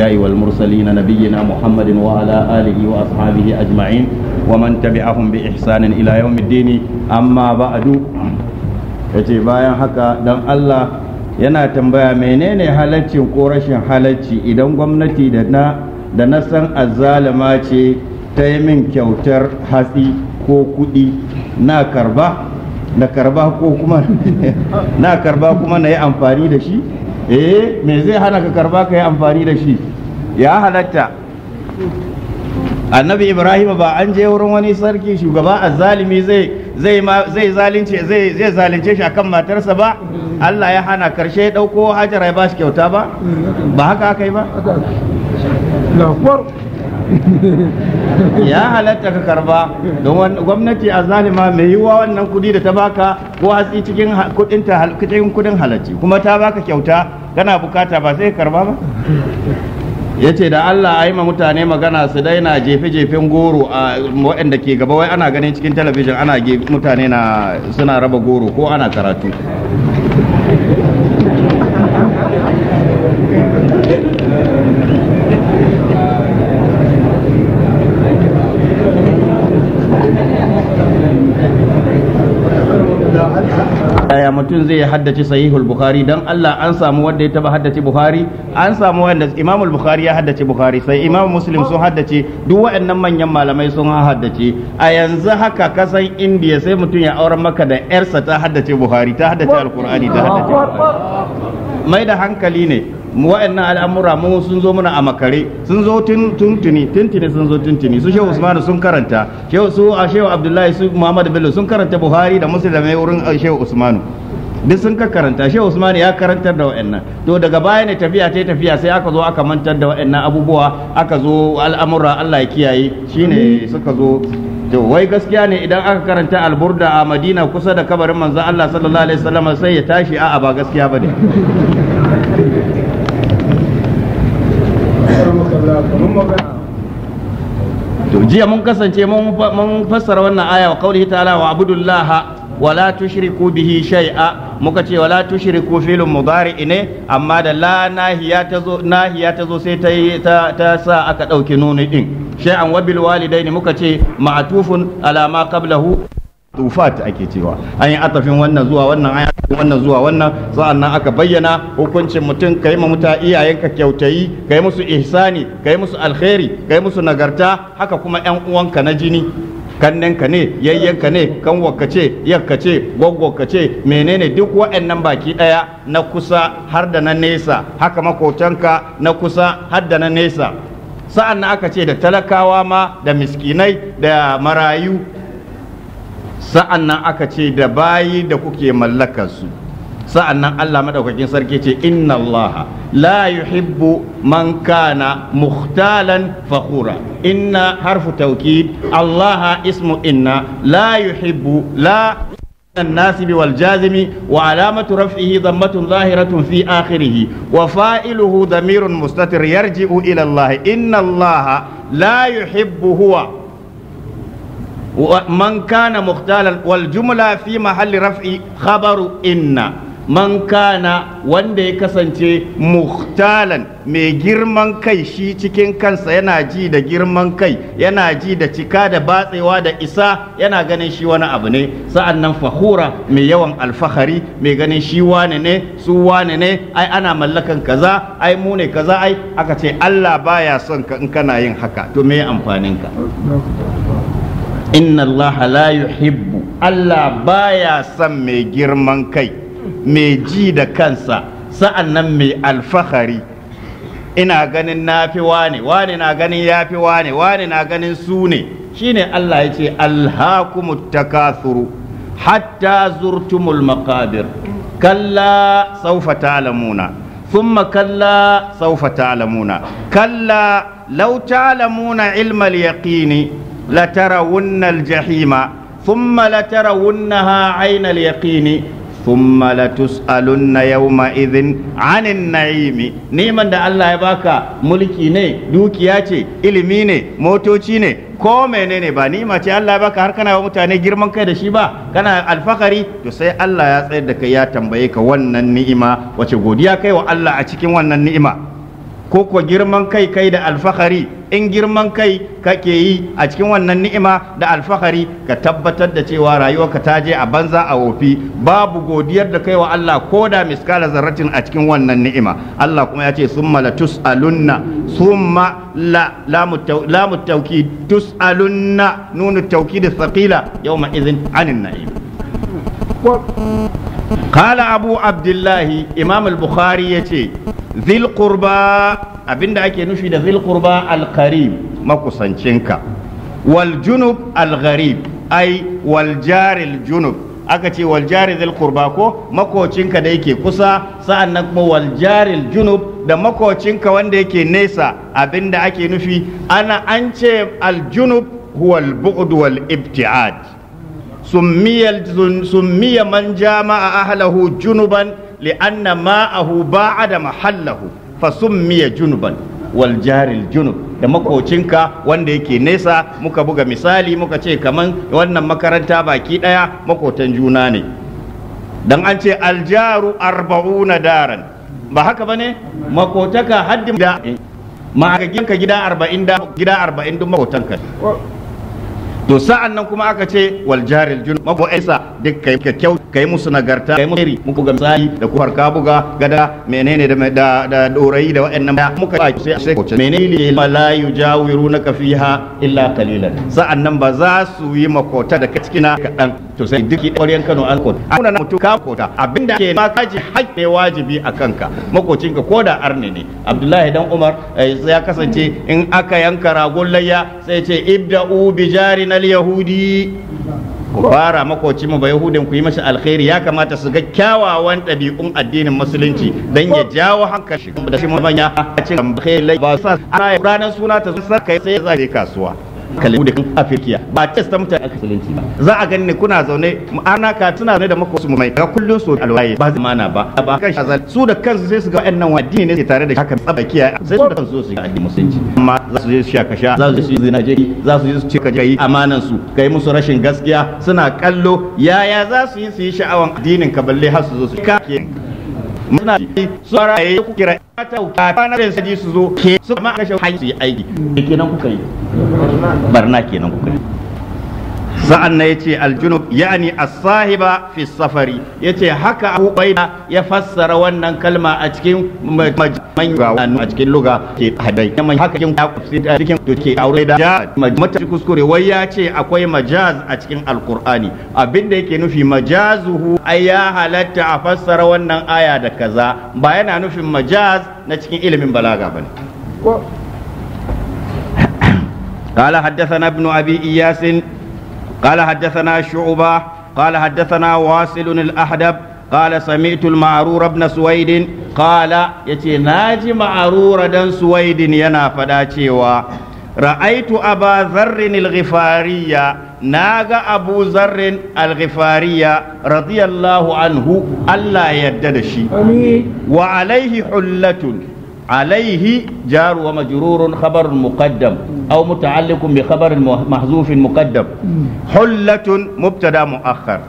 والمرسلين نبينا محمد وعلى آله وأصحابه أجمعين ومن تبعهم بإحسان إلى يوم الدين أما بعد yace bayan haka dan Allah yana tambaya menene halaccin ko rashin halacci idan gwamnati da na da na san azzalama ce ta yi min kyautar hatsi ko kudi na karba na karba ko kuma na karba kuma na yi amfani da shi eh me zai hana ka karba ka yi amfani da shi ya halatta annabi ibrahim ba an je wurin wani sarki shugaba azzalimi zai zai zai zalince zai zai zalince shi akan matarsa ba Allah ya hana karshe ya dauko hajara ya bashi kyauta ba ba haka aka yi ba ya halatta ka karba don gwamnati a zalima mai yiwuwa wannan kudi da ta baka ko hatsi cikin kudin kudin halacci kuma ta baka kyauta kana bukata ba sai karba ba ya ce da Allah a yi ma mutane magana su daina jefe-jefen goro a waɗanda ke gaba wai ana ganin cikin talabijin ana mutane suna raba goro ko ana karatu mutum zai haddace sahihul bukhari dan Allah an samu wanda ya taba haddace bukhari an samu wanda imamul bukhari ya haddace bukhari sai imam muslim sun haddace duk waɗannan manyan malamai sun haddace a yanzu haka kasan indiya sai mutum ya auren maka da yarsa ta haddace bukhari ta haddace alqur'ani ta haddace mai da hankali ne wa'annan al'amura mu sun zo muna a makare sun zo tuntuni tuntuni sun zo tuntuni su shehu usman sun karanta shehu su a shehu abdullahi su muhammad bello sun karanta buhari da muslim da mai wurin shehu usman duk sun ka karanta shehu usman ya karantar da wa'annan to daga baya ne tafiya ta tafiya sai aka zo aka mantar da wa'annan abubuwa aka zo al'amura Allah ya kiyaye shine suka zo to wai gaskiya ne idan aka karanta alburda a madina kusa da kabarin manzon Allah sallallahu alaihi wasallam sai ya tashi a'a ba gaskiya bane to jiya mun kasance mun fassara wannan aya wa qaulihi ta'ala wa abudullaha wala tushriku bihi shay'a muka ce wala tushriku filin mudari ne amma da la nahiya ta zo nahiya ta zo sai ta ta sa aka dauki nuni din shay'an wabil walidaini muka ce ma'tufun ala ma qablahu tufat ake cewa an yi atafin wannan zuwa wannan an yi wannan zuwa wannan sa'annan aka bayyana hukuncin mutum kai ma muta iyayenka kyautayi kai musu ihsani kai musu alkhairi kai musu nagarta haka kuma yan uwanka na jini kannenka ne yayyenka ne kan ce yakka ce menene duk waɗannan baki ɗaya na kusa har da na nesa haka makotanka na kusa har da na nesa sa'an aka ce da talakawa ma da miskinai da marayu sa'an nan aka ce da bayi da kuke mallakarsu sa'an nan Allah maɗaukakin sarki ce inna Allah la yuhibbu man kana muhtalan fakhura inna harfu taukid Allah ismu inna la yuhibbu la الناسب والجازم وعلامة رفعه ضمة ظاهرة في آخره وفائله ضمير مستتر يرجع إلى الله إن الله لا يحب هو Mankana kana muhtalan wal jumla fi mahalli raf'i khabaru inna Mankana wanda ya kasance muhtalan mai girman kai shi cikin kansa yana ji da girman kai yana ji da cika da batsewa da isa yana ganin shi wani abu ne sa'an nan fahura mai yawan alfahari mai ganin shi wane ne su wane ne ai ana mallakan kaza ai mu kaza ai aka ce Allah baya son ka in kana yin haka to me amfanin ka inna Allah la yuhibbu Allah baya son mai girman kai mai ji da kansa sa'an nan mai alfahari ina ganin na fi wane wane na ganin ya fi wane wane na ganin su ne ne Allah ya ce alhakumut hatta zurtumul maqabir kalla saufa ta'lamuna thumma kalla saufa ta'lamuna kalla law ta'lamuna ilmal yaƙini. لترون الجحيم ثم لترونها عين اليقين ثم لتسألن يومئذ عن النعيم نيمان da Allah ya baka mulki ne dukiya ce ilimi ne motoci ne ko menene ba nima ce Allah ya baka har kana mutane girman kai da shi ba kana alfakari to sai Allah ya tsayar da kai ya tambaye ka wannan ni'ima wace godiya kai wa Allah a cikin wannan ni'ima ko kuwa girman kai kai da alfahari in girman kai kake yi a cikin wannan ni'ima da alfahari ka tabbatar da cewa rayuwarka ta je a banza a wofi babu godiyar da kai wa Allah ko da miskala zarratin a cikin wannan ni'ima Allah kuma ya ce summa la tus'alunna summa la lamu tawkid tus'alunna nunu tawkid thaqila yawma idhin anin na'im kala abu abdullahi imam al-bukhari ya ce zil abinda ake nufi da zil qurba al-qarib makusancinka wal junub al-gharib wal jaril junub aka ce wal jari zil ko makocinka da yake kusa sa'annan kuma wal jaril junub da makocinka wanda yake nesa abinda ake nufi ana an ce aljunub wal huwa al bu'd ibti'ad man سمي من جامع أهله a da mahallahu Fa محله junuban wal jaril junub. da makocinka wanda yake nesa muka buga misali muka ce kaman wannan makaranta baki daya makotan juna ne dan an ce aljaru arba'una daran ba haka bane makotaka haddin da ma gida arba'in da gida arba'in duk makotanka to sa'an nan kuma aka ce wal jaril jun Isa, duk kai kyau kai musu nagarta kai musu muku ga misali da ku harka buga gada menene da da da dorayi da waɗannan muka ba sai sai ko menene ma la yujawirunaka fiha illa qalilan sa'an nan ba za su yi makota da kacikina kaɗan to sai duk ƙwaryen Kano alkon a kuna mutu ka kota abinda ke ma kaji haƙƙi wajibi a kanka makocin ka koda arne ne Abdullahi dan Umar eh, ya kasance in aka yanka ragon layya sai ce ibda'u bi jari na yahudi ku fara makoci mu ba yahudin ku yi mashi alkhairi ya kamata su ga kyawawan ɗabi'un addinin musulunci dan ya jawo hankali da shi manya a cikin alkhairi ba sa ranar suna ta sun sai ya zabe kasuwa kalmu da afirkiya ba kes ta mutane aka musulunci ba za a gani kuna zaune ana ka tuna zaune da wasu mai ga kullun so alwaye ba zai mana ba ba kan shazal su da kansu sai su ga wa'annan addini ne tare da haka tsabakiya sai su da kansu su ga addini musulunci amma za su yi su sha za su yi zinaje za su yi su cika kai amanan su kai musu rashin gaskiya suna kallo yaya za su yi su yi sha'awan addinin ka balle har su zo su ka muna ji su ara yi ku kira ta ka kana da saji su zo ke su ma a kashe hanyar su yi aiki kenan kuka yi barna kenan kuka yi sa'an na ce aljunub yani as-sahiba fi safari ya ce haka Abu Baida ya fassara wannan kalma a cikin majman a cikin luga ke hadai ya haka a cikin to ke aure da mata kuskure wai ya ce akwai majaz a cikin alkur'ani abinda yake nufi majazuhu ai ya halatta a fassara wannan aya da kaza ba yana nufin majaz na cikin ilimin balaga ba ne. قال حدثنا ابن ابي اياس قال حدثنا شعبة قال حدثنا واصل الأحدب قال سمعت المعرور بن سويد قال يتي ناجي معرور دن سويد ينا فداتيوا رأيت أبا ذر الغفارية ناغا أبو ذر الغفارية رضي الله عنه ألا يددشي وعليه حلة عليه جار ومجرور خبر مقدم أو متعلق بخبر محذوف مقدم حلة مبتدا مؤخر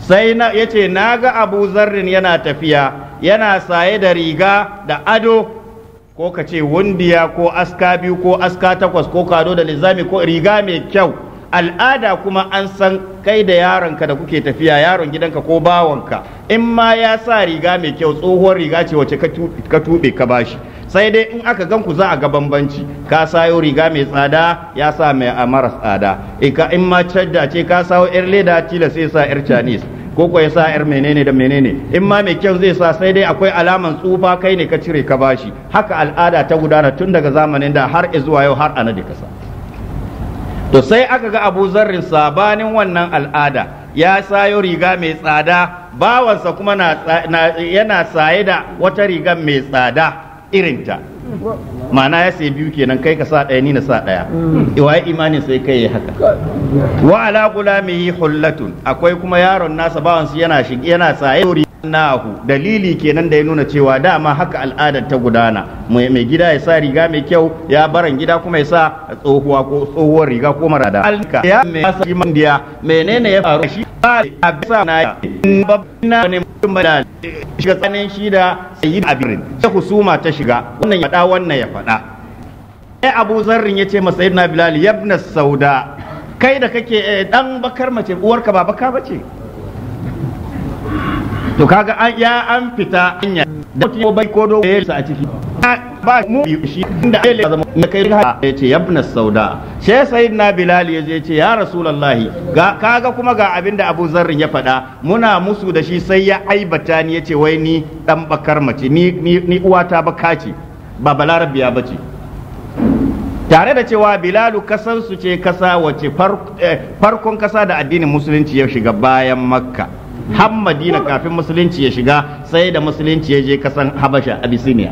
سينا يتي ناغا أبو ذر ينا تفيا ينا سايد ريغا دا أدو ko ka ce wundiya ko aska biyu ko aska takwas ko kado da lizami ko riga mai kyau al'ada kuma an san kai da yaronka da kuke tafiya yaron gidanka ko bawonka in ma ya sa riga mai kyau tsohuwar riga ce wacce ka tuɓe ka bashi sai dai in aka gan ku za a ga bambanci ka sayo riga mai tsada ya sa mai mara tsada e, in ma cadda ce ka sayo yar leda tilas sai sa yar chinese ko ko ya sa yar menene da menene in ma mai kyau zai sa sai dai akwai alaman tsufa kai ne ka cire ka bashi haka al'ada ta gudana tun daga zamanin da har zuwa yau har ana da kasa to sai aka ga abu zarrin sabanin wannan al'ada ya sayo riga mai tsada bawansa kuma yana saye da wata riga mai tsada irinta ma'ana ya sai biyu kenan kai ka sa ɗaya ni na sa ɗaya waye imanin sai kai ya haka wa ala gulamihi hullatun akwai kuma yaron nasa bawansu yana yana saye nahu dalili kenan da ya nuna cewa dama haka al'adar ta gudana mai gida ya sa riga mai kyau ya baran gida kuma ya sa tsohuwa ko tsohuwar riga ko mara da alka ya mai sa shi mandiya menene ya faru shi ba a bisa na babbina ne mutum da shiga tsanin shi da sayi abirin ya husuma ta shiga wannan ya faɗa wannan ya faɗa sai abu zarrin ya ce masa na bilal yabna sauda kai da kake dan eh, bakar mace uwarka ba baka bace to kaga an ya an fita hanya da mutum bai ko do ya a ciki ba mu shi inda ya zama na kai ha ya ce yabna sauda she na bilal ya ce ya rasulullahi ga kaga kuma ga abinda abu zarri ya fada, muna musu da shi sai ya aibata ni yace wai ni dan bakar mace ni ni uwata baka ce ba balarabiya bace tare da cewa bilalu kasansu ce kasa wace eh, farkon kasa da addinin musulunci ya shiga bayan makka har madina kafin musulunci ya shiga sai da musulunci ya je kasan habasha abisiniya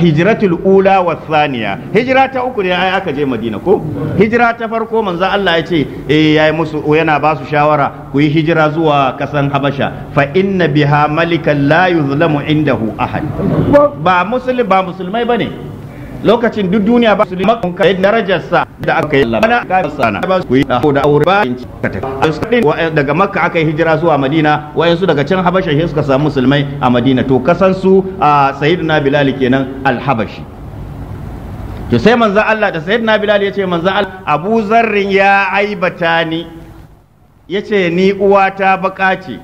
hijratul ula wa thaniya hijira ta uku ne ai aka je madina ko hijira ta farko manzo Allah ya ce eh yayi musu yana ba su shawara ku yi hijira zuwa kasan habasha fa inna biha malikan la yuzlamu indahu ahad ba musulmi ba musulmai bane lokacin duk duniya ba su makon kai darajarsa da aka yi lamana ka sana ba su yi da aure ba ka tafi daga makka aka yi hijira zuwa madina wayansu daga can habasha shi suka samu musulmai a madina to kasan su a sayyidina bilal kenan alhabashi to sai manzan Allah da sayyidina bilal ya ce manzan Allah Abu Zarrin ya aibata ni Ya ce ni uwata baka ce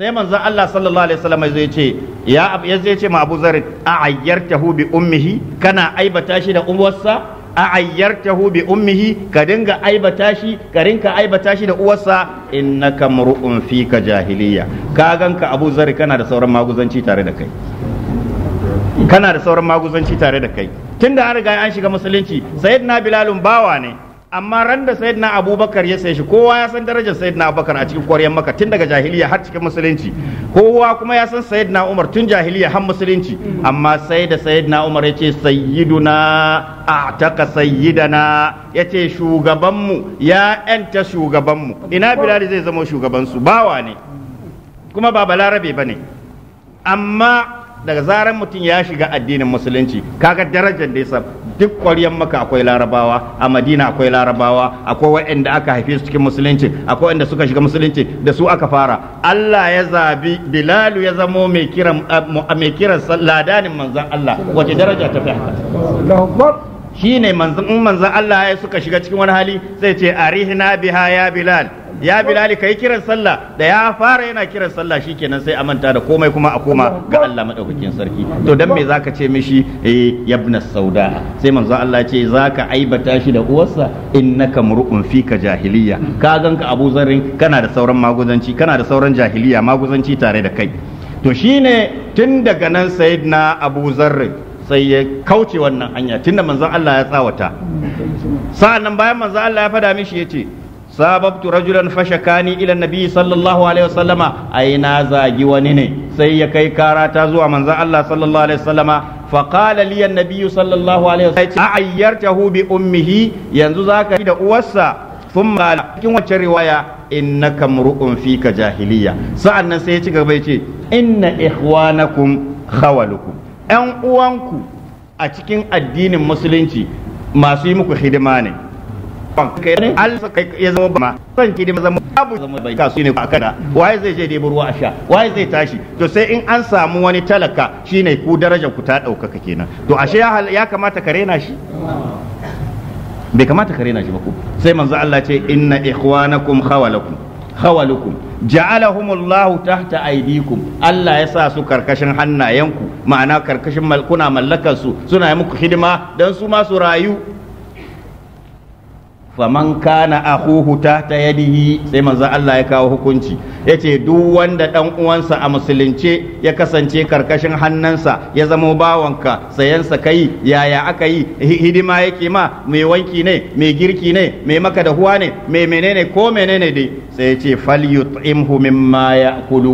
sai manzo Allah sallallahu alaihi wasallam zai ce ya ya zai ce ma Abu Zar a ayyartahu bi ummihi kana aibata shi da uwarsa a ayyartahu bi ummihi ka dinga aibata shi ka rinka aibata shi da uwarsa innaka mar'un fika jahiliya ka ganka Abu Zar kana da sauran maguzanci tare da kai kana da sauran maguzanci tare da kai tunda an riga an shiga musulunci sayyidina bilalun bawa ne amma ran da sayyidina abubakar ya sai shi kowa ya san darajar sayyidina abubakar a cikin kwaryan maka tun daga jahiliya har cikin musulunci kowa kuma ya san sayyidina umar tun jahiliya har musulunci amma sai da sayyidina umar ya ce sayyiduna a taka sayyidana ya ce shugabanmu ya yanta shugabanmu ina bilali zai zama shugabansu bawa ne kuma ba balarabe ba ne amma daga zarar mutum ya shiga addinin musulunci kaga darajar da ya duk ƙwaryan maka akwai larabawa a madina akwai larabawa akwai waɗanda aka haife su cikin musulunci akwai waɗanda suka shiga musulunci da su aka fara Allah ya zabi bilalu ya zamo mai kiran mai kiran ladanin manzon Allah wace daraja ta fi haka shine manzon manzon Allah ya suka shiga cikin wani hali sai ce arihna biha ya bilal ya bilali yi kiran sallah da ya fara yana kiran sallah shikenan sai amanta da komai kuma a koma ga Allah madaukakin sarki to dan me zaka ce mishi eh yabna sauda sai manzo Allah ce zaka aibata shi da uwarsa innaka mur'un fika jahiliya ka ganka Abu Zarrin kana da sauran maguzanci kana da sauran jahiliya maguzanci tare da kai to shine tun daga nan sayyidina Abu Zarrin sai ya kauce wannan hanya tunda manzon Allah ya tsawata sa'an nan bayan manzon Allah ya fada mishi yace sababtu rajulan fashakani ila nabi sallallahu alaihi wasallama ai na zagi wani ne sai ya kai kara ta zuwa manzon Allah sallallahu alaihi wasallama fa qala li annabi sallallahu alaihi wasallam ayyartahu bi ummihi yanzu zaka da uwarsa thumma cikin wacce riwaya innaka mur'un fika jahiliya nan sai ya ci gaba yace inna ikhwanakum khawalukum yan uwanku a cikin addinin musulunci masu yi muku hidima ne ban kai ne alfa kai ya zama ba san ki da zama babu zama bai kasu ne ba kada waye zai je debo ruwa a sha waye zai tashi to sai in an samu wani talaka shine ku darajar ku ta ɗaukaka kenan to ashe ya kamata ka rena shi bai kamata ka rena shi ba ku sai manzo Allah ce inna ikhwanakum khawalakum khawalukum ja'alahumullahu tahta aydikum Allah ya sa su karkashin hannayenku ma'ana karkashin kuna mallakar su suna yi muku hidima dan su ma su rayu faman kana ahuhu ta ta yadihi sai manzo Allah ya kawo hukunci yace duk wanda dan uwansa a musulunce ya kasance karkashin hannansa ya zama bawanka sayansa kai yaya aka yi hidima yake ma mai wanki ne mai girki ne mai maka da huwa ne mai menene ko menene dai sai yace yut'imhu mimma ya'kulu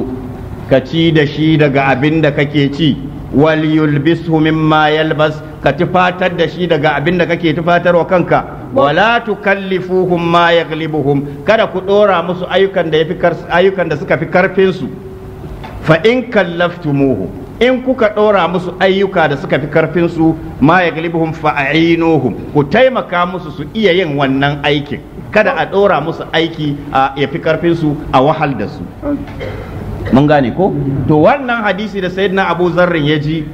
ka ci da shi daga abin da kake ci wal yulbishu mimma yalbas ka tufatar da shi daga abin da kake tufatarwa kanka wala tukallifuhum ma yaghlibuhum kada ku dora musu ayyukan da yafi ayyukan da suka fi karfin su fa in kallaftumuhu in kuka dora musu ayyuka da suka fi karfin su ma yaghlibuhum fa a'inuhum ku taimaka musu su iya yin wannan aikin kada a dora musu aiki a yafi karfin su a wahal da su mun gane ko to wannan hadisi da sayyidina Abu Zarrin ya ji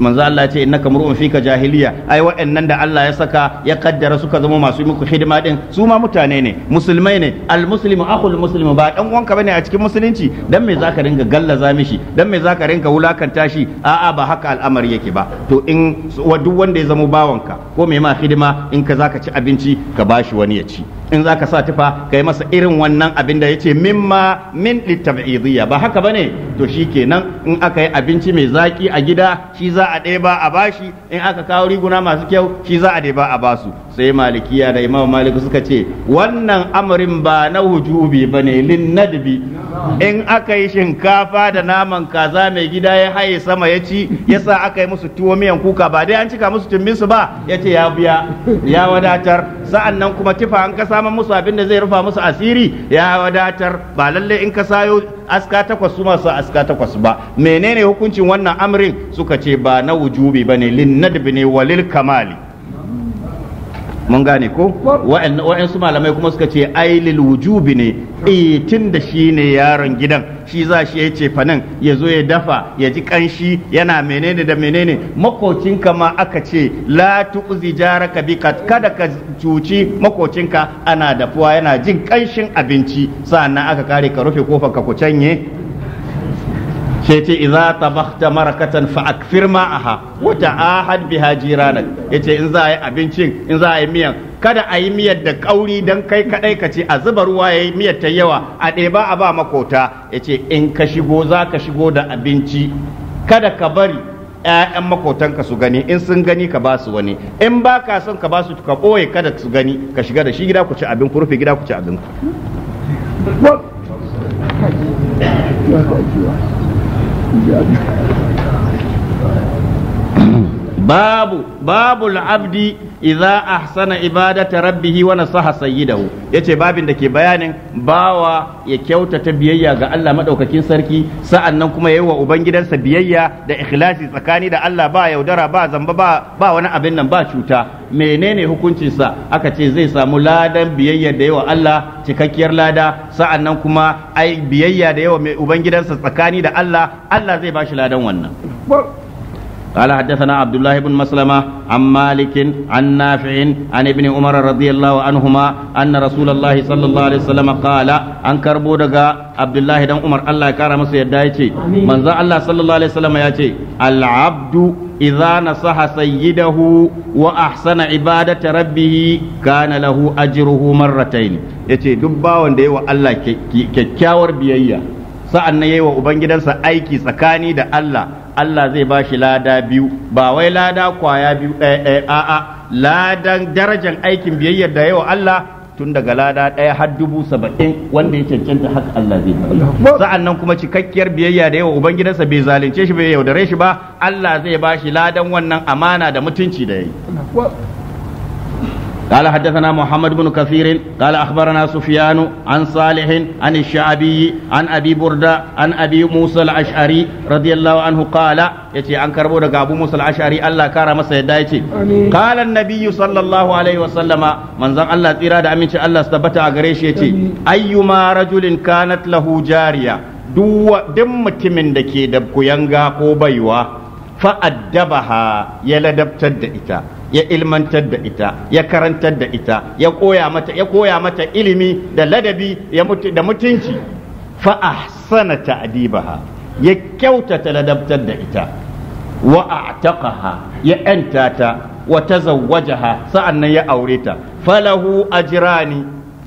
manzo Allah ya ce innaka mur'un fika jahiliya ai waɗannan da Allah ya saka ya kaddara suka zama masu muku hidima din su ma mutane ne musulmai ne almuslimu akhul muslimu ba dan uwanka bane a cikin musulunci dan me zaka ringa galla mishi dan me zaka ringa wulakanta shi a'a ba haka al'amari yake ba to in duk wanda ya zama bawanka ko me ma hidima in ka zaka ci abinci ka bashi wani ya ci in zaka sa tufa yi masa irin wannan abin da yace mimma min litab'idiyya ba haka bane to shikenan in aka yi abinci mai zaki a gida shi za a ɗeba a bashi in aka kawo riguna masu kyau shi za a ɗeba a basu sai malikiya da imam malik suka ce wannan amarin ba na hujubi ba ne lin nadbi in aka yi shinkafa da naman kaza mai gida ya haye sama ya ci ya sa aka yi musu tuwo miyan kuka ba dai an cika musu su ba ya ce ya biya ya wadatar sa'an nan kuma tifa an ka samun musu abin da zai rufa musu asiri ya wadatar ba lalle in ka sayo aska takwas su masu aska takwas ba menene hukuncin wannan amrin suka ce ba na wujubi bane lin nadbi ne walil kamali mun gane ko su malamai kuma suka ce ailil wujubi ne itin e, da shi ne yaron gidan shi za shi ya ce fanin ya zo ya dafa ya ji kanshi yana menene da menene makocinka ma aka ce la jara jaraka bi kada ka cuci makocinka ana dafuwa yana jin kanshin abinci sannan aka kare ka rufe kofar ka ku canye sai ce ta bakta marakatan fa akfir ma'aha wa ta'ahad biha jiranak yace in za a yi abincin in za a yi miyan kada a yi miyar da kauri dan kai kadai ka ce a zuba ruwa yayi miyar ta yawa a ɗeba a ba makota yace in ka shigo za ka shigo da abinci kada ka bari ‘ya'yan makotanka su gani in sun gani ka ba su wani in ba ka son ka ba su ka ɓoye kada su gani ka shiga da shi gida ku ci abin ku rufe gida ku ci abin ku babu babu abdi idza ahsana ibadata rabbih wa nasaha sayyidahu yace babin da ke bayanin bawa ya kyautata biyayya ga Allah madaukakin sarki sa'annan kuma yayi wa ubangidansa biyayya da ikhlasi tsakani da Allah ba yaudara ba zamba ba ba wani abin nan ba cuta menene hukuncinsa aka ce zai samu ladan biyayya da yawa Allah cikakkiyar lada sa'annan kuma ai biyayya da yawa mai ubangidansa tsakani da Allah Allah zai ba shi ladan wannan قال حدثنا عبد الله بن مسلمة عن مالك عن نافع عن ابن عمر رضي الله عنهما أن رسول الله صلى الله عليه وسلم قال أن كربو دقا عبد الله بن عمر الله كرم سيدايتي من ذا الله صلى الله عليه وسلم ياتي العبد إذا نصح سيده وأحسن عبادة ربه كان له أجره مرتين يتي دبا وندي الله كيكاور بيئيا sa'an na yi wa Ubangidansa aiki tsakani da Allah Allah zai ba shi lada biyu ba wai lada kwaya biyu ɗaya eh, ɗaya eh, a'a ladan darajar aikin biyayyar da yawa Allah tun daga lada ɗaya har dubu saba'in wanda ya cancanta haka Allah zai ba sa'an nan kuma cikakkiyar biyayya da yawa ubangidansa bai zalunce shi bai yaudare shi ba Allah zai ba shi ladan wannan amana da mutunci da yayi قال حدثنا محمد بن كثير قال أخبرنا سفيان عن صالح عن الشعبي عن أبي بردة عن أبي موسى الأشعري رضي الله عنه قال يتي عن كربو أبو موسى الأشعري الله كرم سيدايتي قال النبي صلى الله عليه وسلم من زن الله إرادة أمين الله استبتع غريش يتي أيما رجل كانت له جارية duk mutumin da ke da kuyanga ko baiwa fa'addabaha ya ladabtar da ita ya ilmantar da ita ya karantar da ita ya koya mata ya koya mata ilimi da ladabi da mutunci fa ahsana ya kyautata ladabtar da ita wa ya anta ta wa sa'an nan ya aure ta falahu jirani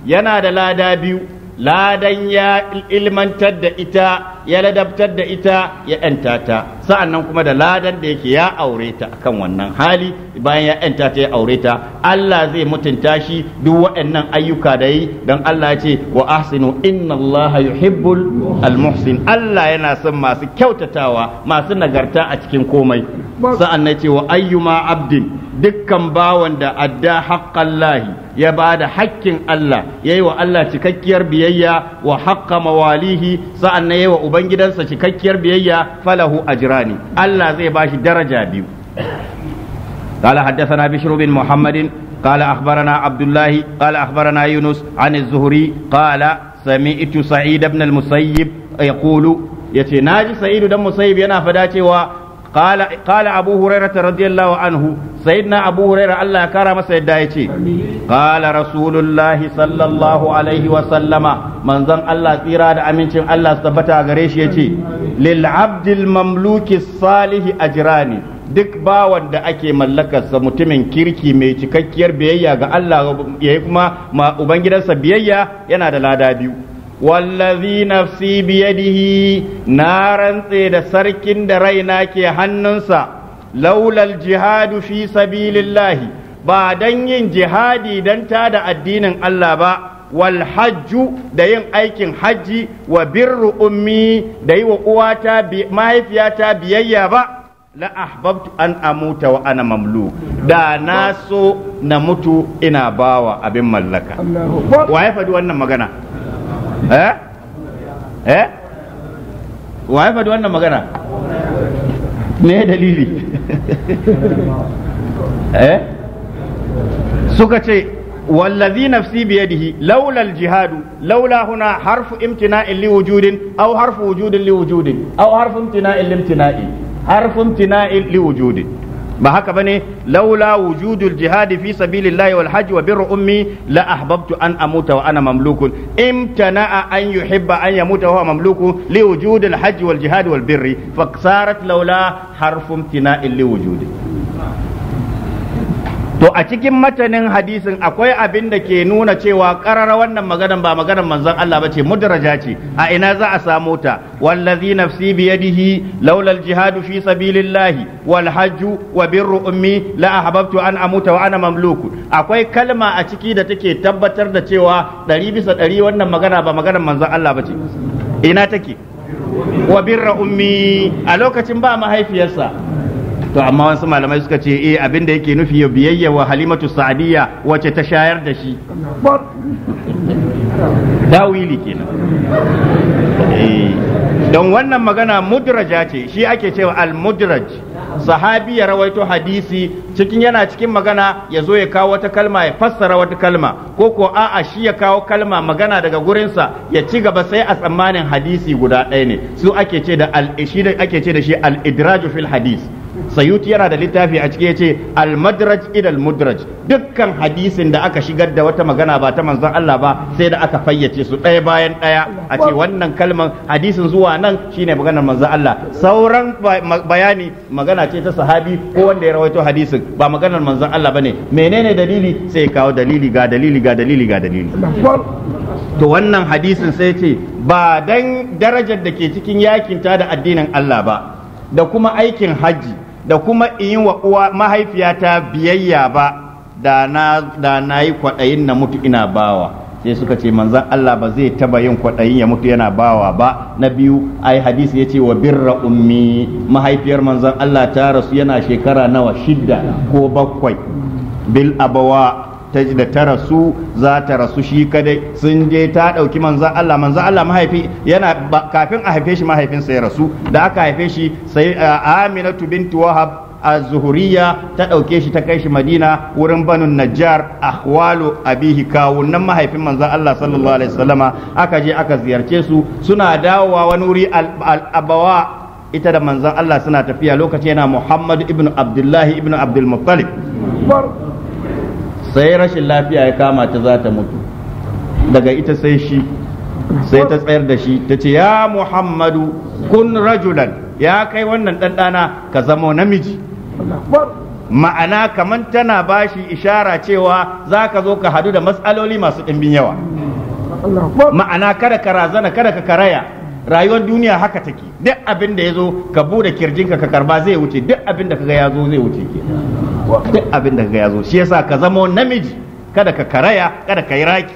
yana da lada biyu ladan ya ilmantar da ita ya ladabtar da ita ya ‘yanta ta nan kuma da ladan da yake ya aure ta akan wannan hali bayan ya ‘yanta ta ya aure ta Allah zai mutunta shi duk waɗannan ayyuka da yi don Allah ya ce wa ahsinu inna Allah yuhibbul almuhsin Allah yana son masu kyautatawa masu nagarta a cikin komai sa'annan ce wa ayyuma abdin dukkan bawan da adda lahi ya ba da haƙƙin Allah ya yi wa Allah cikakkiyar biyayya wa haƙƙa mawalihi sa'an na yi wa ubangidansa cikakkiyar biyayya falahu ajrani Allah zai bashi daraja biyu قال حدثنا بشر بن محمد قال أخبرنا عبد الله قال أخبرنا يونس عن الزهري قال سمعت سعيد بن المسيب يقول يتي ناجي سعيد بن المسيب ينا فداتي قال قال ابو هريره رضي الله عنه سيدنا ابو هريره الله كرم سيدا يجي قال رسول الله صلى الله عليه وسلم من زن الله تيرا da amincin Allah tabbata gare shi yace lil abdil a salih ajrani duk bawan da ake mallakarsa mutumin kirki mai cikakkiyar biyayya ga Allah yayi kuma ma ubangidansa biyayya yana da lada biyu wallazi nafsi biyadihi na rantse da sarkin da raina ke hannunsa laulal jihadu fi sabilillahi ba dan yin jihadi dan tada addinin Allah ba wal hajju da yin aikin hajji wa birru ummi da yi wa uwata mahaifiyata biyayya ba la ahbabtu an amuta wa ana mamlu da na so na mutu ina bawa abin mallaka wa ya faɗi wannan magana eh eh wa ya faɗi wannan magana ne dalili eh suka ce wallazi nafsi biyadihi laula aljihadu laula huna harfu imtina'in li wujudin aw harfu wujudin li wujudin aw harfu imtina'in li imtina'in harfu imtina'in li wujudin ba haka bane laula wujudul jihad fi sabilillahi wal hajj wa birru ummi la ahbabtu an amuta wa ana mamlukun imtana'a an yuhibba an yamuta wa mamluku li wujudil hajj wal jihad wal birri fa sarat laula harfu imtina'in li wujudi to a cikin matanin hadisin akwai abin da ke nuna cewa karara wannan maganan ba maganan manzon Allah bace mudraja ce a ina za a samo ta wallazi nafsi bi yadihi laula al-jihadu fi sabilillahi wal hajju wa birru ummi la ahbabtu an amuta wa ana mamluku akwai kalma a ciki da take tabbatar da cewa ɗari bisa ɗari wannan magana ba maganan manzon Allah bace ina take wa birra ummi a lokacin ba mahaifiyarsa to amma wasu malamai suka ce eh abin da yake nufi ya biyayya wa halimatu sa'adiyya wace ta shayar da shi tawili kenan eh, don wannan magana mudraja ce shi ake cewa al-mudraj sahabi ya rawaito hadisi cikin yana cikin magana ya zo ya kawo wata kalma ya fassara wata kalma ko ko a'a shi ya kawo kalma magana daga gurinsa ya ci gaba sai a tsammanin hadisi guda ɗaya ne su ake ce da al ake ce da shi al-idraju fil hadis sayuti yana da littafi a ciki yace al-madraj idal mudraj dukkan hadisin da aka shigar da wata magana ba ta manzon Allah ba sai da aka fayyace su ɗaya bayan ɗaya a ce wannan kalman hadisin zuwa nan shine maganar manzon Allah sauran bayani magana ce ta sahabi ko wanda ya rawaito hadisin ba maganar manzon Allah bane menene dalili sai kawo dalili ga dalili ga dalili ga dalili to wannan hadisin sai ce ba dan darajar da ke cikin yakin ta da addinin Allah ba da kuma aikin hajji da kuma in yi wa uwa mahaifiyata biyayya ba da na yi kwaɗayin na mutu ina bawa sai suka ce manzan Allah ba zai taba yin kwaɗayin ya mutu yana bawa ba na biyu ai hadisi ya ce wa birra ummi mahaifiyar manzan Allah ta rasu yana shekara nawa shidda ko bakwai bil abawa da ta rasu za ta rasu shi kadai sun je ta ɗauki manzan Allah manzan Allah mahaifi yana kafin a haife shi mahaifinsa ya rasu da aka haife shi sai Aminatu bintu Wahab az ta ɗauke shi ta kai shi madina wurin banu najjar ahwalu abihi kawunan mahaifin manzon Allah sallallahu alaihi wasallama aka je aka ziyarce su suna dawowa wani wuri al-abawa ita da manzan Allah suna tafiya lokaci yana Muhammad ibn Abdullahi ibn Abdul Muttalib sai rashin lafiya ya kama ta za ta mutu daga ita sai shi sai ta tsayar da shi ta ce ya muhammadu kun rajulan ya kai wannan ɗanɗana ka zama namiji ma'ana kamar tana bashi ishara cewa za ka zo ka hadu da matsaloli masu ɗimbin yawa ma'ana kada ka razana kada ka karaya rayuwar duniya haka take duk abin da ya zo ka bude kirjinka ka karba zai wuce duk abin da kaga ya zo zai wuce ke duk abin da kaga ya zo shi yasa ka zama namiji kada ka karaya kada ka yi raki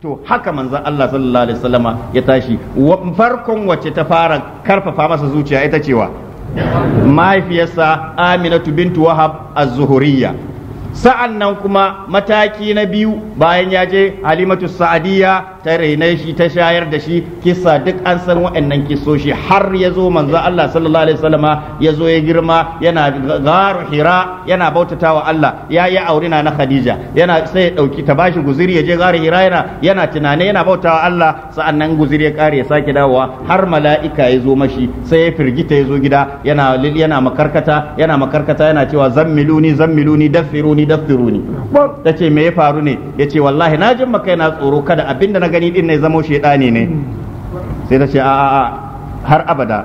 to haka manzon Allah sallallahu alaihi wasallama ya tashi farkon wacce ta fara karfafa masa zuciya ita cewa mahaifiyarsa Aminatu bintu Wahab az-Zuhuriyya sa'an nan kuma mataki na biyu bayan ya je halimatu sa'adiyya ta raina shi ta shayar da shi kisa duk an san wa'annan kisoshi har ya zo manzo Allah sallallahu alaihi wasallama ya zo ya girma yana garu hira yana bautata wa Allah ya yi aurina na Khadija yana sai ya ɗauki ta bashi guziri ya je garu hira yana yana tunane yana bauta wa Allah sa'an nan guziri ya kare ya sake dawowa har mala'ika ya zo mashi sai ya firgita ya zo gida yana makarkata yana makarkata yana cewa zammiluni dafiruni daffiruni daffiruni ta ce me ya faru ne ya ce wallahi na jin maka yana tsoro kada abinda na gani din ne zamo shedani ne hmm. sai ta ce a'a har abada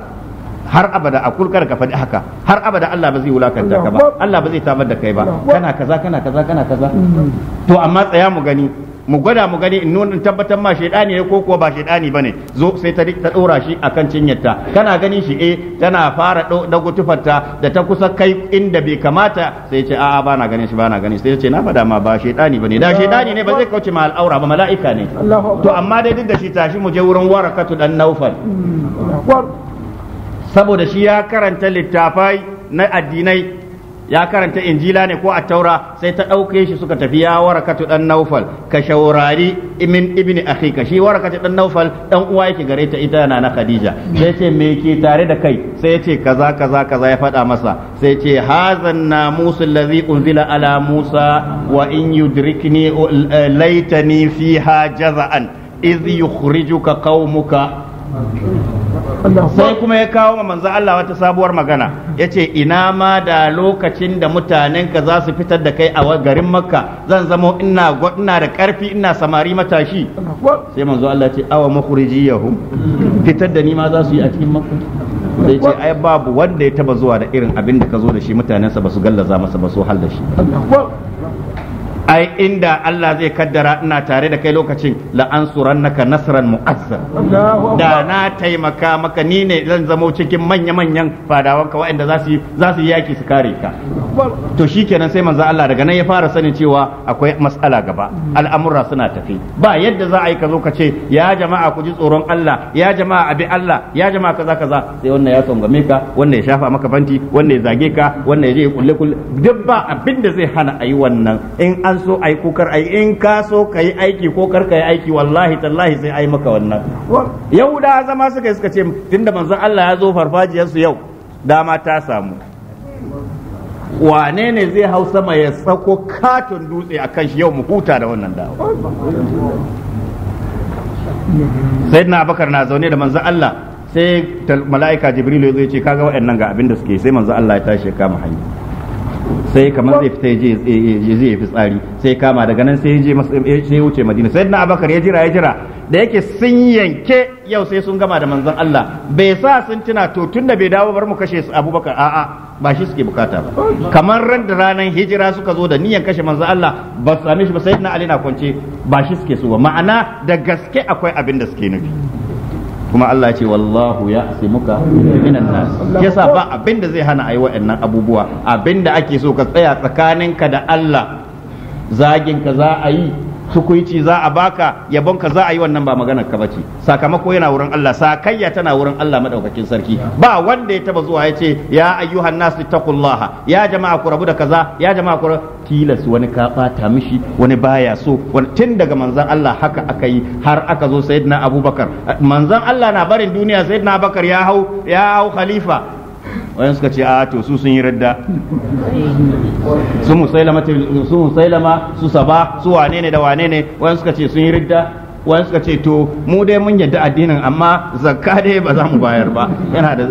har abada a kulkar ka faɗi haka har abada Allah ba zai wulakanta ka ba Allah ba zai tabar da kai ba kana kaza kana kaza kana kaza hmm. to amma tsaya mu gani mu gwada mu gani in nuna tabbatar ma shaidani ne ko kuwa ba shaidani bane zo sai ta ta dora shi akan cinyarta kana ganin shi eh tana fara dago tufarta da ta kusa kai inda bai kamata sai ce a'a bana ganin shi bana ganin sai ce na fada ma ba shaidani bane da shaidani ne ba zai kauce ma al'aura ba mala'ika ne to amma dai duk da shi tashi mu je wurin warakatu dan naufal mm. saboda shi ya karanta littafai na addinai ya karanta injila ne ko a taura sai ta ɗauke shi suka tafi ya warakatu dan naufal ka shaurari imin ibni akhika shi warakatu dan naufal dan uwa yake gare ta ita yana na khadija sai ce me ke tare da kai sai ce kaza kaza kaza ya faɗa masa sai ce hazan namusul ladhi unzila ala musa wa in yudrikni laitani fiha jaza'an iz yukhrijuka qaumuka sai kuma ya kawo ma manzo Allah wata sabuwar magana Ya ce ina ma da lokacin da mutanenka za su fitar da kai a garin makka zan zamo ina ina da karfi ina samari matashi sai manzo Allah ce awa makhrijiyahum fitar da ni ma za su yi a cikin makka sai ce ai babu wanda ya taba zuwa da irin abin da ka zo da shi mutanensa ba su gallaza masa ba su hal da shi ai inda Allah zai kaddara ina tare da kai lokacin la naka nasran mu'azzam da na taimaka maka ni ne zan zamo cikin manya-manyan fadawanka waɗanda za su yi yaki su kare ka to shikenan sai manzo Allah daga nan ya fara sani cewa akwai matsala gaba al'amura suna tafi ba yadda za a yi ka zo ka ce ya jama'a ku ji tsoron Allah ya jama'a abi Allah ya jama'a kaza kaza sai wannan ya tsongame ka wannan ya shafa maka fanti wannan ya zage ka wannan ya je kulle kulle duk ba abin da zai hana a yi wannan in an so ai ko ai in ka so ka aiki ko kar ka aiki wallahi tallahi sai ai maka wannan da zama suka suka ce tunda manzon Allah ya zo farfajiyar su yau dama ta samu wane ne zai hau sama ya sako katon dutse a shi yau mu huta da wannan dawo. sai na bakar na zaune da manzon Allah sai mala'ika jibrilu ya zo ya ce kaga waɗannan ga abin da suke sai manzon Allah ya tashi ya kama hanya sai kamar zai fita je je ya fitsari sai kama daga nan sai je wuce Madina sai na Abakar ya jira ya jira da yake sun yanke yau sai sun gama da manzon Allah bai sa sun tuna to da bai dawo bar mu kashe su Abubakar a'a ba shi suke bukata ba kamar ran da ranar hijira suka zo da niyan kashe manzan Allah ba su same shi ba na Ali na kwance ba shi suke so ba ma'ana da gaske akwai abin da suke nufi kuma Allah ce wallahu ya asimuka minan nas yasa ba abinda zai hana ayi waɗannan abubuwa abinda ake so ka tsaya tsakaninka da Allah zagin ka za a yi tukuici za a baka yabonka za a yi wannan ba maganar ka bace sakamako yana wurin Allah sakayya tana wurin Allah madaukakin sarki ba wanda ya taba zuwa ya ce ya ayyuhan nas taqullah ya jama'a ku rabu da kaza ya jama'a ku tilas wani ka bata mishi wani baya so wani tun daga manzon Allah haka aka yi har aka zo sayyidina Abubakar manzon Allah na barin duniya sayyidina Abubakar ya hau ya hau khalifa wayan suka ce a to su sun yi radda su musailama su musailama su saba su wane ne da wane ne wayan suka ce sun yi radda wayan suka ce to mu dai mun yadda addinin amma zakka dai ba za mu bayar ba yana da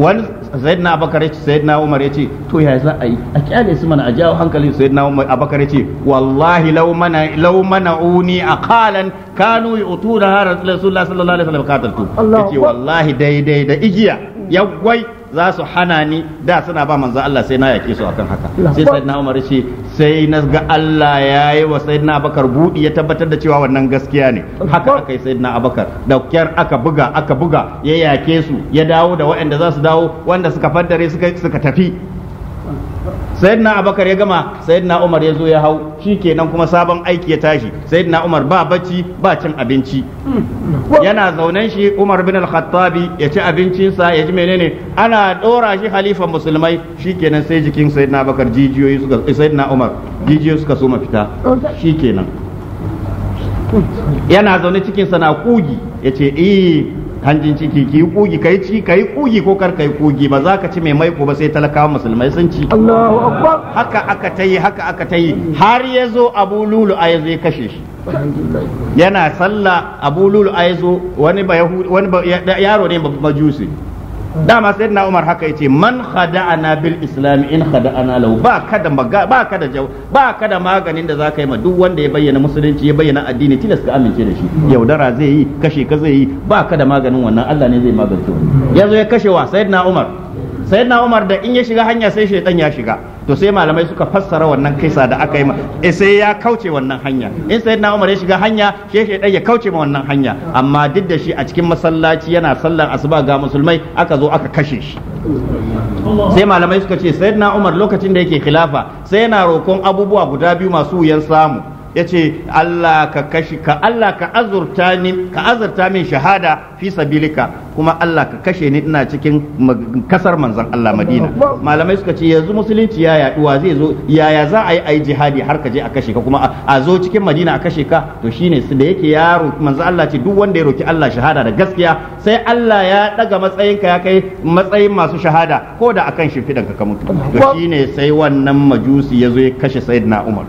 wani sayyidina abakar ya ce sayyidina umar ya ce to ya za a yi a kyale su mana a jawo hankalin sayyidina umar abakar ya ce wallahi law mana law kanu da aqalan kanu yu'tuna rasulullah sallallahu alaihi wasallam ya ce wallahi daidai da igiya ya gwai za su hana ni da suna ba manzan Allah sai na yake su akan haka sai na Umar shi sai na ga Allah yayi wa sayyidina Abakar budi ya tabbatar da cewa wannan gaskiya ne haka aka yi sayyidina Abakar da kyar aka buga aka buga ya yake su ya dawo da waɗanda za su dawo wanda suka faddare suka suka tafi sayyidina abakar ya gama sayyidina umar ya zo ya hau shikenan kuma sabon aiki ya tashi sayyidina umar ba bacci ba cin abinci yana zaunen shi umar bin al-khattabi ya ci abincinsa ya ji menene ana dora shi halifan musulmai shikenan sai jikin sayyidina abakar jijiyoyi suka eh, sayyidina umar jijiyoyi suka so mafita shikenan yana zaune cikin sana kugi ya ce eh hanjin ciki ki yi kugi kai ci kai kugi ko kar kai kugi ba za ka ci mai maiko ba sai talakawa musulmai sun ci Allahu akbar haka aka ta yi haka aka ta yi har ya zo Abu Lulu a yazo ya kashe shi yana sallah Abu Lulu a zo wani ba yaro ne ba majusi dama na Umar haka yace man khada'ana bil islam in khada'ana law ba kada ba kada ba kada maganin da zaka yi ma duk wanda ya bayyana musulunci ya bayyana addini tilas ka amince da shi yaudara zai yi kashe ka zai yi ba kada maganin wannan Allah ne zai magance wannan yazo ya kashe wa sayyidina Umar sayyidina Umar da in ya shiga hanya sai shaytan ya shiga to sai malamai suka fassara wannan kaisa da aka yi e sai ya kauce wannan hanya in sai na umar ya shiga hanya shi shi ya kauce ma wannan hanya amma duk da shi a cikin masallaci yana sallan asuba ga musulmai aka zo aka kashe shi sai malamai suka ce sayyidina umar lokacin da yake khilafa sai yana roƙon abubuwa guda biyu masu wuyan samu yace Allah ka kashi ka Allah ka azurta ni ka azurta min shahada fi sabilika kuma Allah ka kashe ni ina cikin kasar manzon Allah Madina malamai suka ce yanzu musulunci ya yaduwa zai zo yaya za a yi ai jihadi har ka je a kashe ka kuma a zo cikin Madina a kashe ka to shine su da yake yaro manzon Allah ce duk wanda ya roki Allah shahada da gaskiya sai Allah ya daga matsayin ka ya kai matsayin masu shahada ko da akan shi ka ka mutu to shine sai wannan majusi ya zo ya kashe Sayyidina Umar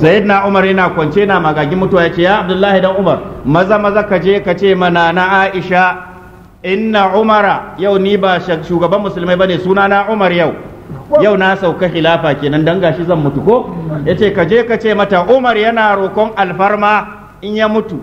sayyidina umar yana kwance na magagin mutuwa ya ce ya abdullahi dan umar maza maza ka je ka ce mana na aisha inna umara yau ni ba shugaban musulmai bane suna na umar yau yau na sauka hilafa kenan dan gashi zan mutu ko yace ka je ka ce mata umar yana rokon alfarma in ya mutu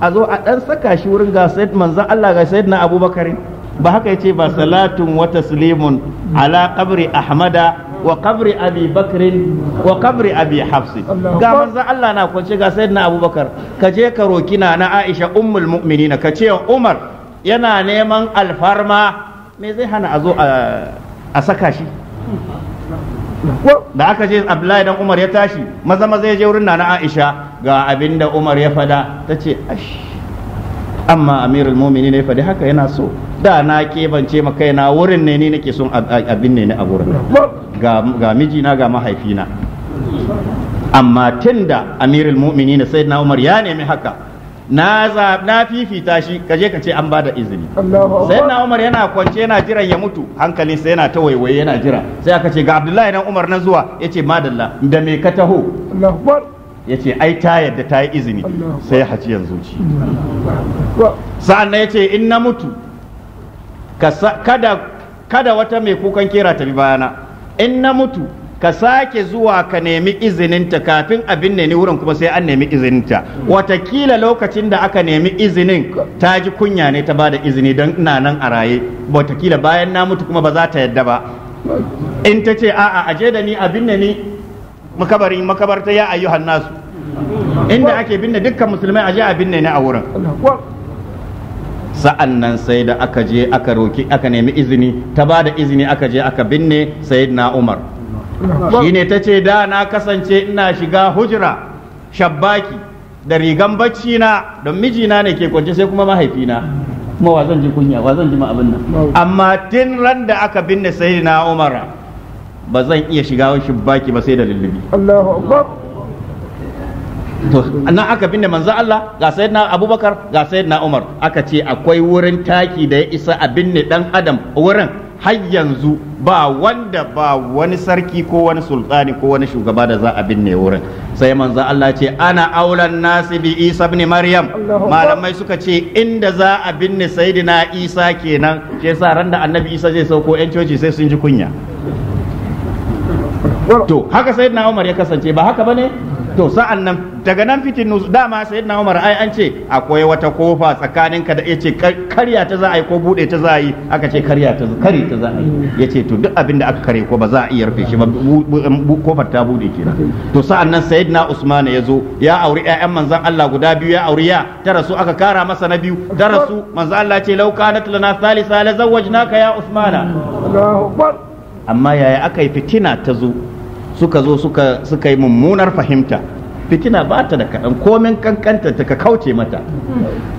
a zo a dan saka shi wurin ga sayyid manzon Allah ga sayyidina abubakar ba haka yace ba salatun wata taslimun ala qabri ahmada wa qabri abi bakrin wa qabri abi hafs ga manzo Allah na kwance gasar na abubakar ka je ka roki na aisha ummul mu'minin ka ce umar yana neman alfarma me zai hana a zo a saka shi da aka ce abdullahi dan umar ya tashi maza maza ya je wurin nana aisha ga abinda umar ya fada ta ce ash amma amirul mumini ne faɗi haka yana so da na kebance ma kaina wurin ne ni nake son abin ne a wurin ga ga mijina ga mahaifina amma tunda amirul sai na umar ya nemi haka na na fifita shi kaje ka ce an bada izini sai na umar yana kwance yana jiran ya mutu hankalin sai yana ta waiwaye yana jira sai aka ce ga abdullahi dan umar na zuwa yace madalla da me ka taho ya ce ai ta yadda ta yi izini sai yanzu ci sa'an nan ya ce in na mutu kada wata mai kukan kera ta bi bayana in na mutu ka sake zuwa ka nemi izininta kafin abin ne ni wurin kuma sai an nemi izininta watakila lokacin da aka nemi izinin ta ji kunya ne ta bada izini don ina nan a raye watakila bayan na mutu kuma ba za ta yadda ba in ta ce a'a aje da ni abin ne ni makabarin makabarta ya ayyuhan nasu inda ake binne dukkan musulmai a je a binne ne a wurin sa'an nan sai da aka je aka roki aka nemi izini ta ba da izini aka je aka binne sayyidina umar ne ta ce da na kasance ina shiga hujra shabbaki da rigan bacci na don mijina ne ke kwance sai kuma mahaifina kuma wa zan ji kunya wa zan ji ma abin nan amma tun ran da aka binne sayyidina umar ba zan iya shiga wani baki ba sai da lullubi Allahu akbar to aka binne manzo Allah ga sayyidina Abubakar ga sayyidina Umar aka ce akwai wurin taki da ya isa a binne dan adam wurin har yanzu ba wanda ba wani sarki ko wani sultani ko wani shugaba da za a binne wurin sai manzo Allah ce ana aulan nasi bi Isa ibn Maryam malamai suka ce inda za a binne sayyidina Isa kenan ke sa ran da annabi Isa zai sauko yan coci sai sun ji kunya to haka sayyidina Umar ya kasance ba haka bane to sa'an nan daga nan fitin dama sayyidina Umar ai an ce akwai wata kofa tsakanin ka da ce karya ta za a yi ko bude ta za a yi aka ce karya ta kare ta za a yi Ya ce to duk abin da aka kare ko ba za a iya rufe shi ba kofar ta bude kenan to sa'an nan sayyidina Usman ya zo ya auri ƴaƴan manzon Allah guda biyu ya auri ya tara su aka kara masa na biyu tara su manzon Allah ce lauka na tulana salisa la zawwajnaka ya Usmana Allahu akbar amma yaya aka yi fitina ta zo suka zo suka yi mummunar fahimta fitina ba ta da kaɗan komin kankanta ta ka kauce mata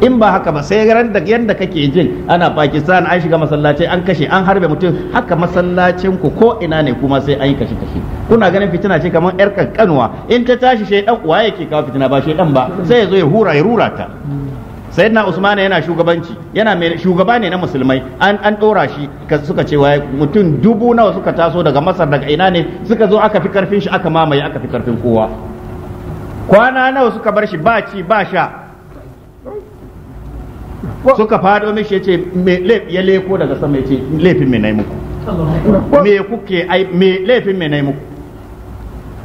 in ba haka ba sai ran da yadda kake jin ana pakistan an shiga masallaci an kashe an harbe mutum haka masallacin ku ko ina ne kuma sai an yi kashe kashe kuna ganin fitina ce kamar yar kankanwa in ta tashi shaidan uwa yake kawo fitina ba shaidan ba sai ya zo ya hura ya rura ta sayyidina usman yana shugabanci yana mai shugaba ne na musulmai an an dora shi suka ce wai mutum dubu nawa suka taso daga masar daga ina ne suka zo aka fi karfin shi aka mamaye aka fi karfin kowa kwana nawa suka bar shi ba ci ba sha suka fado mishi me ce ya leko daga sama ya ce laifin me nai muku me kuke ai me laifin me nayi muku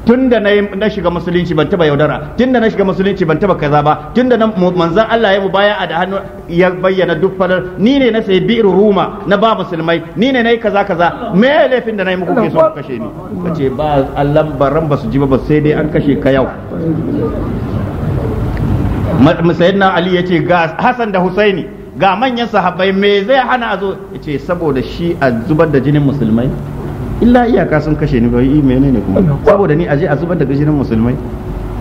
Tun da na shiga musulunci ban taba yaudara tun da na shiga musulunci ban taba kaza ba tun da manzan Allah ya mu baya a da hannu ya bayyana duk falar ni ne na sai bir ruma na ba musulmai ni ne na yi kaza kaza me laifin da na yi muku ke so kashe ni ce ba Allah baran ba su ji ba sai dai an kashe ka yau sayyidina Ali ya ce ga Hassan da Husaini ga manyan sahabbai me zai hana a zo ce saboda shi a zubar da jinin musulmai illa iyaka sun kashe ni bai ne kuma saboda ni aje a zubar da gashi musulmai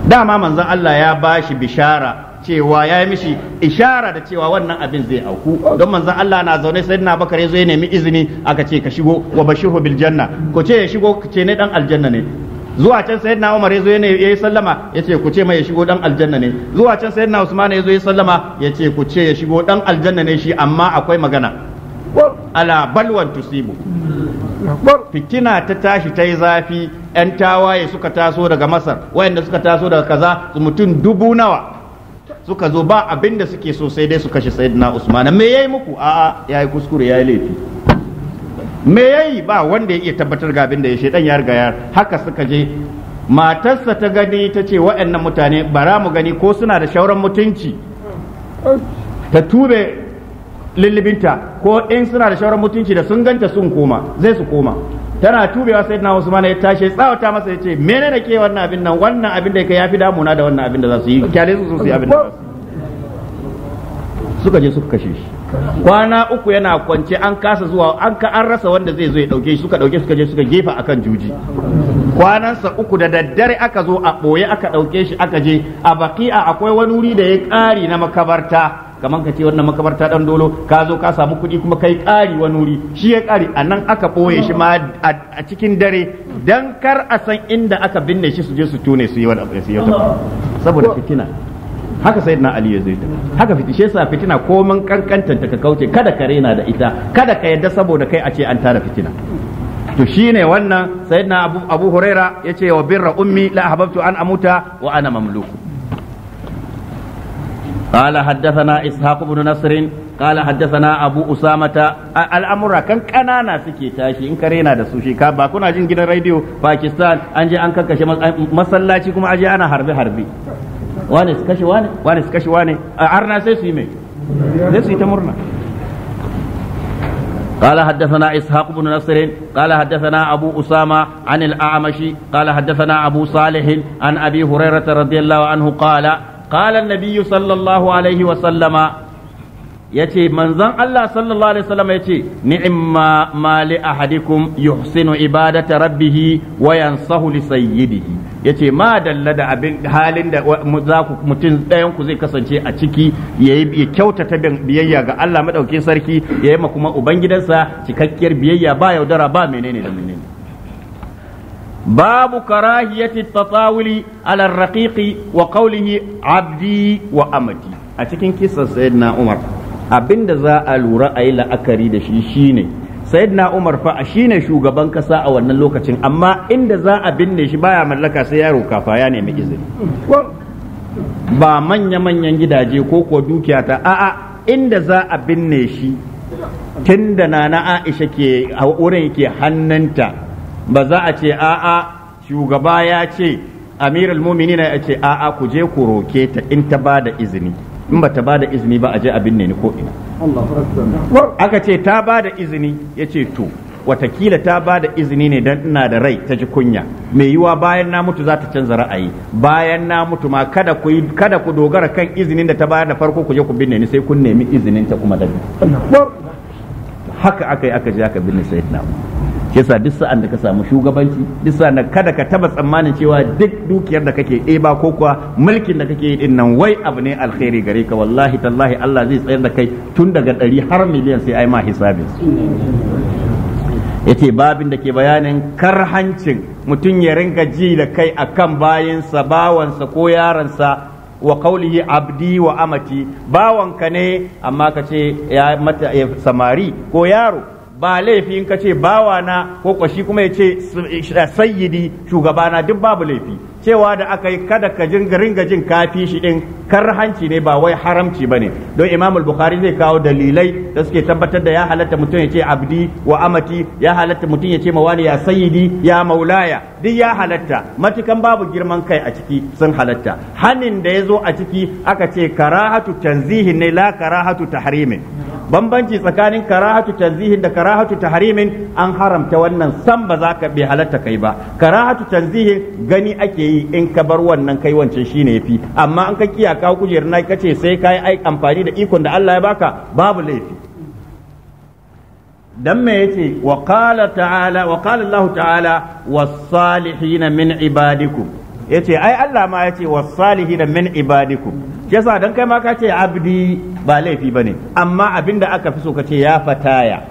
dama manzon Allah ya bashi bishara cewa ya yi mishi ishara da cewa wannan abin zai auku don manzon Allah na zaune sai na bakare zo ya nemi izini aka ce ka shigo wa bashihu bil janna ko ce ya shigo ce ne dan aljanna ne zuwa can sayyidina Umar yazo ne yayi sallama yace ku ce mai ya shigo dan aljanna ne zuwa can sayyidina Usman yazo yayi sallama yace ku ce ya shigo dan aljanna ne shi amma akwai magana ala balwan tusibu fitina ta tashi ta yi zafi 'yan tawaye suka taso daga masar wayanda suka taso daga kaza su mutum dubu nawa suka zo ba abinda suke so sai dai su kashe sayyidina usman me yayi muku a'a yi kuskure ya yi laifi me yayi ba wanda ya iya tabbatar ga abin da ya shedan ya riga ya haka suka je matarsa ta gani ta ce waɗannan mutane bara mu gani ko suna da shauran mutunci ta tube lullubinta ko in suna da shawarar mutunci da sun ganta sun koma zai su koma tana tubewa sai na Usman ya tashi tsawata masa ya ce da ke wannan abin nan wannan abin da ya fi damuna da wannan abin da za su yi kyale su su yi abin da su suka je suka kashe shi kwana uku yana kwance an kasa zuwa an ka an rasa wanda zai zo ya dauke shi suka dauke suka je suka gefa akan juji kwanansa uku da daddare aka zo a boye aka dauke shi aka je a baki'a akwai wani wuri da ya kari na makabarta kamar ka ce wannan makabarta dan dolo ka zo ka samu kuɗi kuma kai ƙari wani wuri shi ya ƙari a nan aka ɓoye shi ma a cikin dare dan kar a san inda aka binne shi su je su tone su yi wani abu su yi saboda fitina haka sayyidina ali ya zai haka fitina shi yasa fitina komin kankantanta ka kauce kada ka rena da ita kada ka yadda saboda kai a ce an tara fitina to shine wannan sayyidina abu, abu huraira yace wa birra ummi la ahbabtu an amuta wa ana mamluku قال حدثنا إسحاق بن نصر قال حدثنا أبو أسامة الأمر كان كنانا سكي تاشي إن كرينا دا سوشي كابا كنا جين جدا راديو باكستان أنجي أنكا كشي مسلاتي كما أجي أنا حربي حربي wane su kashe wane wane su kashe wane a arna sai su yi mai sai su yi ta murna قال حدثنا إسحاق بن نصر قال حدثنا أبو أسامة عن الأعمش قال حدثنا أبو صالح عن أبي هريرة رضي الله عنه قال qala an-nabiy sallallahu alaihi wa sallama yace manzon Allah sallallahu alaihi wasallam yace ni'imma mali ahadikum yuhsinu ibadata rabbih wa yansahu li sayyidihi yace ma dalla da abin halin da za mutum ɗayan ku zai kasance a ciki yayi ya kyautata biyayya ga Allah maɗaukin sarki yayi ma kuma ubangidansa cikakkiyar biyayya ba yaudara ba menene da menene babu karahiyati tatawuli ala raqiqi wa qawlihi abdi wa amati a cikin kisan sayyidina umar abinda za'a lura ayi la'akari da shi shine sayyidina umar fa a shine shugaban ƙasa a wannan lokacin amma inda za'a binne shi baya mallaka sai yaro kafa ya nemi izini ba manya-manyan gidaje ko kuwa dukiya ta a'a inda za a binne shi tun da na Aisha ke wurin yake hannunta ba za a ce a'a shugaba ya ce amirul na ya ce a'a ku je ku roke ta in ta ba da izini in ba ta ba da izini ba a je abin ne ko ina aka ce ta ba da izini ya ce to watakila ta ba da izini ne don ina da rai ta ji kunya mai yiwa bayan na mutu za ta canza ra'ayi bayan na mutu ma kada ku dogara kan izinin da ta bayar da farko ku je ku binne ni sai kun nemi izinin ta kuma da haka aka yi aka je aka binne sayyidina kisa duk sa'an da ka samu shugabanci duk sa'an da kada ka taba tsammanin cewa duk dukiyar da kake ɗeba ko kuwa mulkin da kake yi nan wai abu ne alkhairi gare ka wallahi tallahi Allah zai tsayar da kai tun daga ɗari har miliyan sai ai ma hisabin yace babin da ke bayanin karhancin mutum ya ringa ji da kai akan bayinsa bawansa ko yaransa wa qaulihi abdi wa amati bawanka ne amma ka ce ya mata samari ko yaro ba laifi in ka ce bawana ko kwashi kuma ya ce sayyidi shugabana duk babu laifi cewa da aka yi kada ka jin ringa jin kafi shi din hanci ne ba wai haramci bane don Imam al zai kawo dalilai da suke tabbatar da ya halatta mutum ya ce abdi wa amati ya halatta mutum ya ce mawani ya sayyidi ya maulaya duk ya halatta matukan babu girman kai a ciki sun halatta hannun da ya zo a ciki aka ce karahatu tanzihin ne la karahatu tahrimin bambanci tsakanin karahatu tanzihin da karahatu tahrimin an haramta wannan san ba za ka bi halatta kai ba karahatu tanzihin gani ake yi in ka bar wannan kai wancan shine yafi amma an ka kiya ka kujer na kace sai kai ai amfani da ikon da Allah ya baka babu laifi dan me yace wa qala ta'ala wa qala Allah ta'ala was salihin min ibadikum ya ce ai Allah ma ya ce wa salihi da min ibadiku dan kai ma ka ce abdi ba laifi ba ne amma abinda aka fi so ka ce ya fataya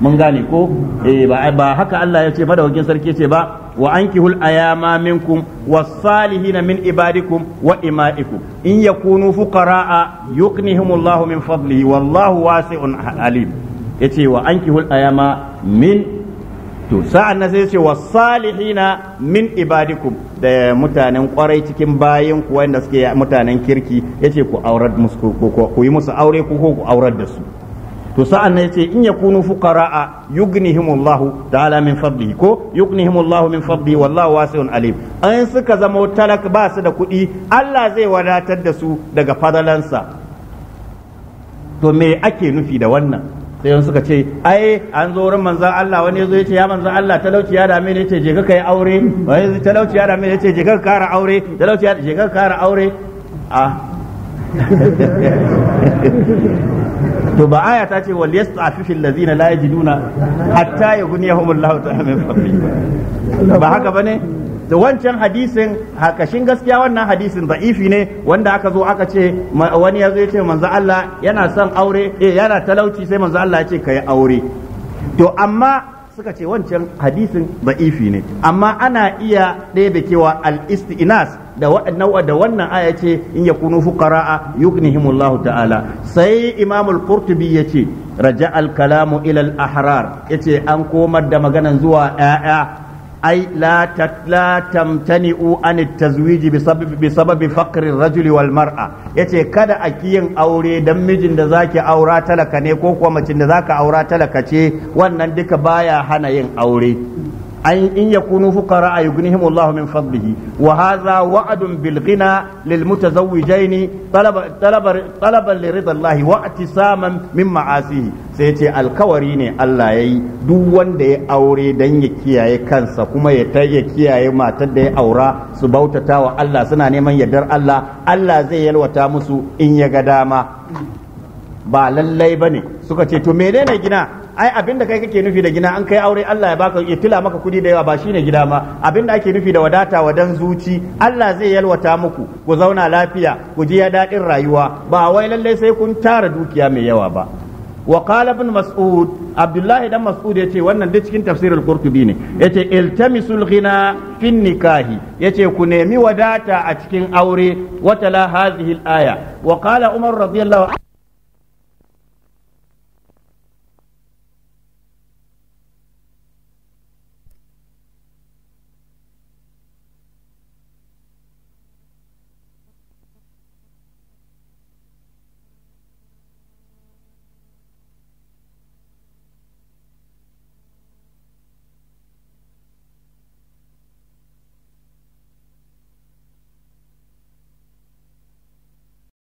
mun gane ko eh, ba haka Allah ya ce da madawakin sarki ce ba wa ankihul ayama minkum wasalihina min ibadikum wa imaikum in yakunu fuqaraa yuqnihimullahu min fadlihi wallahu wasi'un alim yace wa ankihul ayama min to sa'an nan sai ce wa salihina min ibadikum da mutanen kwarai cikin bayan ku wanda suke mutanen kirki yace ku aurar musu ku yi musu aure ku ko ku aurar da su to sa'an nan yace in yakunu fuqara'a yughnihimullahu ta'ala min fadlihi ko yughnihimullahu min fadli wallahu wasi'un alim an suka zama talak ba su da kuɗi Allah zai wadatar da su daga fadalansa to me ake nufi da wannan sai suka ce ai an zo wurin manzan Allah wani ya yace ya manzan Allah talauci ya dame ne ce je ka kai aure wani talauci ya dame ne ce je ka kara aure talauci ya je ka kara aure a to ba aya ta ce wal yasta'fifil ladina la yajiduna hatta yughniyahumullahu ta'ala min fadli ba haka bane da wancan hadisin hakashin gaskiya wannan hadisin da'ifi ne wanda aka zo aka ce wani ya zo ya ce manzo Allah yana son aure eh yana talauci sai manzo Allah ya ce kai aure to amma suka ce wancan hadisin da'ifi ne amma ana iya ɗebe kewa al-istinas da waɗannan da wannan aya ce in yakunu fuqara'a yughnihimullahu ta'ala sai Imam al-Qurtubi yace raja al-kalamu ila al-ahrar yace an komar da maganan zuwa 'ya'ya ai la tamtani'u an tazwiji bi sababi faqri rajuli wal mar'a yace kada a kiyin aure dan mijin da zaki aura talaka ne ko kuma mijin da zaka aura talaka ce wannan duka baya hana yin aure أن إن يكونوا فقراء يغنيهم الله من فضله وهذا وعد بالغنى للمتزوجين طلب طلب طلبا لرضا الله واعتصاما من معاصيه سيتي الكوري ne Allah yayi duk wanda ya aure dan ya kiyaye kansa kuma ya ta kiyaye matar da ya aura su bautata wa Allah suna neman yardar Allah Allah zai yalwata musu in ya ga dama ba lallai ba ne suka ce to menene gina ai abin da kai kake nufi da gina an kai aure Allah ya baka ya tila maka kudi da yawa ba shine gida ma abin da ake nufi da wadata wa dan zuci Allah zai yalwata muku ku zauna lafiya ku ji ya dadin rayuwa ba wai lalle sai kun tara dukiya mai yawa ba wa qala ibn mas'ud abdullahi dan mas'ud yace wannan duk cikin tafsirul qurtubi ne yace iltamisul ghina fin nikahi yace ku nemi wadata a cikin aure watala hadhihi al-aya wa qala umar radiyallahu